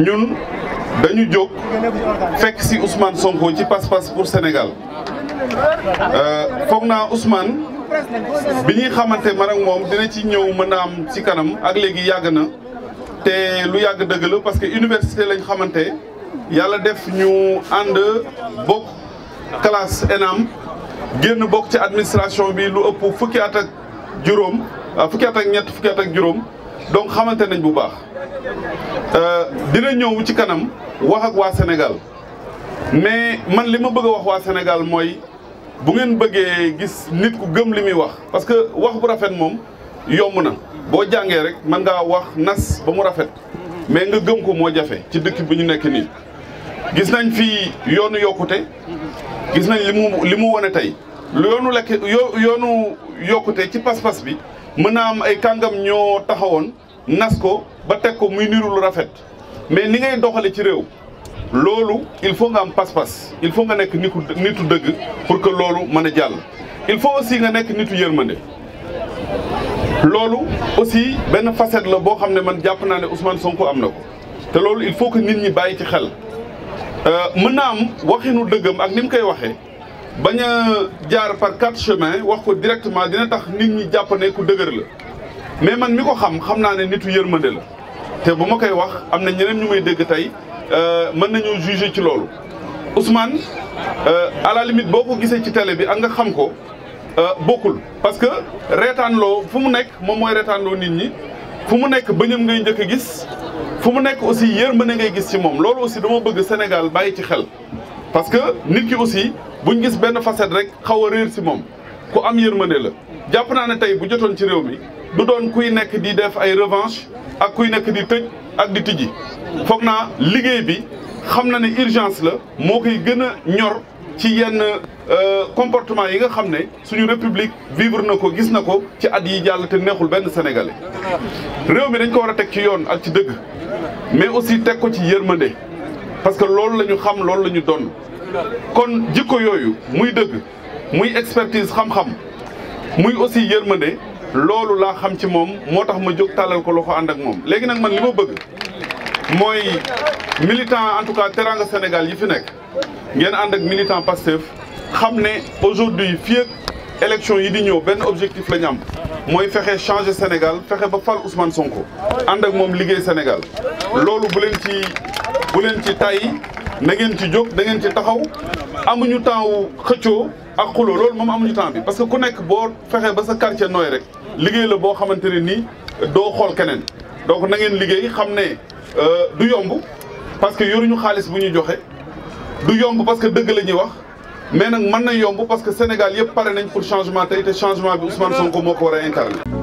ñun dañu jóg fekk si Ousmane Sonko ci passe-passe pour Sénégal euh, foog naa Ousmane bi ñuy xamante man ak moom dina ci ñëw mën a am ci kanam ak léegi yàgg na te lu yàgg dëgg la parce que université lañ xamante yàlla def ñu ànd bokk classe ENAM génn bokk ci administration bi lu ëpp fukki at ak juróom ah, fukki at ak ñett fukki at ak juróom. donc xamante nañ bu baax euh, dina ñëw ci kanam wax ak waa Sénégal mais man li ma bëgg a wax waa Sénégal mooy bu ngeen bëggee gis nit ku gëm li muy wax parce que wax bu rafet moom yomb na boo jàngee rek mën ngaa wax nas ba mu rafet mais nga gëm ko moo jafe ci dëkk bi ñu nekk nii gis nañ fi yoonu yokkute gis nañ li mu li mu wane tey yoonu lekk yoonu yokkute ci pas-pas bi mën naa am ay kàngam ñoo taxawoon nas ko ba teg ko muy niru lu rafet mais ni ngay doxale ci réew loolu il faut nga am pas il faut nga nekk nitu nitu dëgg pour que loolu mën a jàll il faut aussi nga nekk nitu yërmande loolu aussi benn facette la boo xam ne man jàpp naa ne Ousmane Sonko am na ko te loolu il faut que nit ñi bàyyi ci xel euh, mën naa am waxinu dëggam ak ni mu koy waxee baña jaar par quatre chemins wax ko directement dina tax nit ñi japp ne ku dëgër la mais man mi ko xam xam na ne nitu yërmande la té buma koy wax amna ñeneen ñu may dégg tay euh man nañu juger ci loolu Ousmane à la limite boko gisé ci télé bi nga xam ko euh bokul parce que lo fu mu nek mom moy mooy lo nit ñi fu mu nek bañum ngay njëkk gis fu mu nek aussi yërmande ngay gis ci mom loolu aussi dama bëgg Sénégal bayyi ci xel parce que nit ki aussi bu buñ gis benn facette rek xaw a réer si moom ku am yërmande la jàpp naa ne tey bu jotoon ci réew mi du doon kuy nekk di def ay revanche ak kuy nekk di tëj ak di tijji foog naa liggéey bi xam na ne urgence la moo koy gën a ñor ci yenn euh, comportement yi nga xam ne suñu république vivre na ko gis na ko ci at yi jàll te neexul benn sénégalais réew mi dañ ko war a teg ci yoon ak ci dëgg mais aussi teg ko ci yërmande parce que loolu la ñu xam loolu la ñu doon kon jikko yoyu muy deug muy expertise xam-xam muy aussi yermande lolou la xam ci mom motax ma jog talal ko loxo and ak mom legui nak man lima ma bëgg mooy militant en tout cas Teranga Sénégal yi fi nek ngeen and ak militant Pastef xam ne aujourd'hui fii ak élection yi di ñëw ben objectif la ñam mooy fexe changer Sénégal fexe ba fal Ousmane Sonko ànd ak moom liggéey Sénégal loolu bu leen ci bu leen ci tàyyi na ngeen ci jóg da ngeen ci taxaw amuñu temps xëccoo ak xuloo loolu moom amuñu temps bi parce que ku nekk boo fexe ba sa quartier nooy rek liggéey la boo xamante ne nii doo xool keneen donc na ngeen liggéey xam ne euh, du yomb parce que yoruñu xaalis bu ñu joxe du yomb parce que dëgg la ñuy wax. mais nag mën na yomb parce que Sénégal yëpp pare nañ pour changement tey te changement bi Ousmane Sonko moo ko a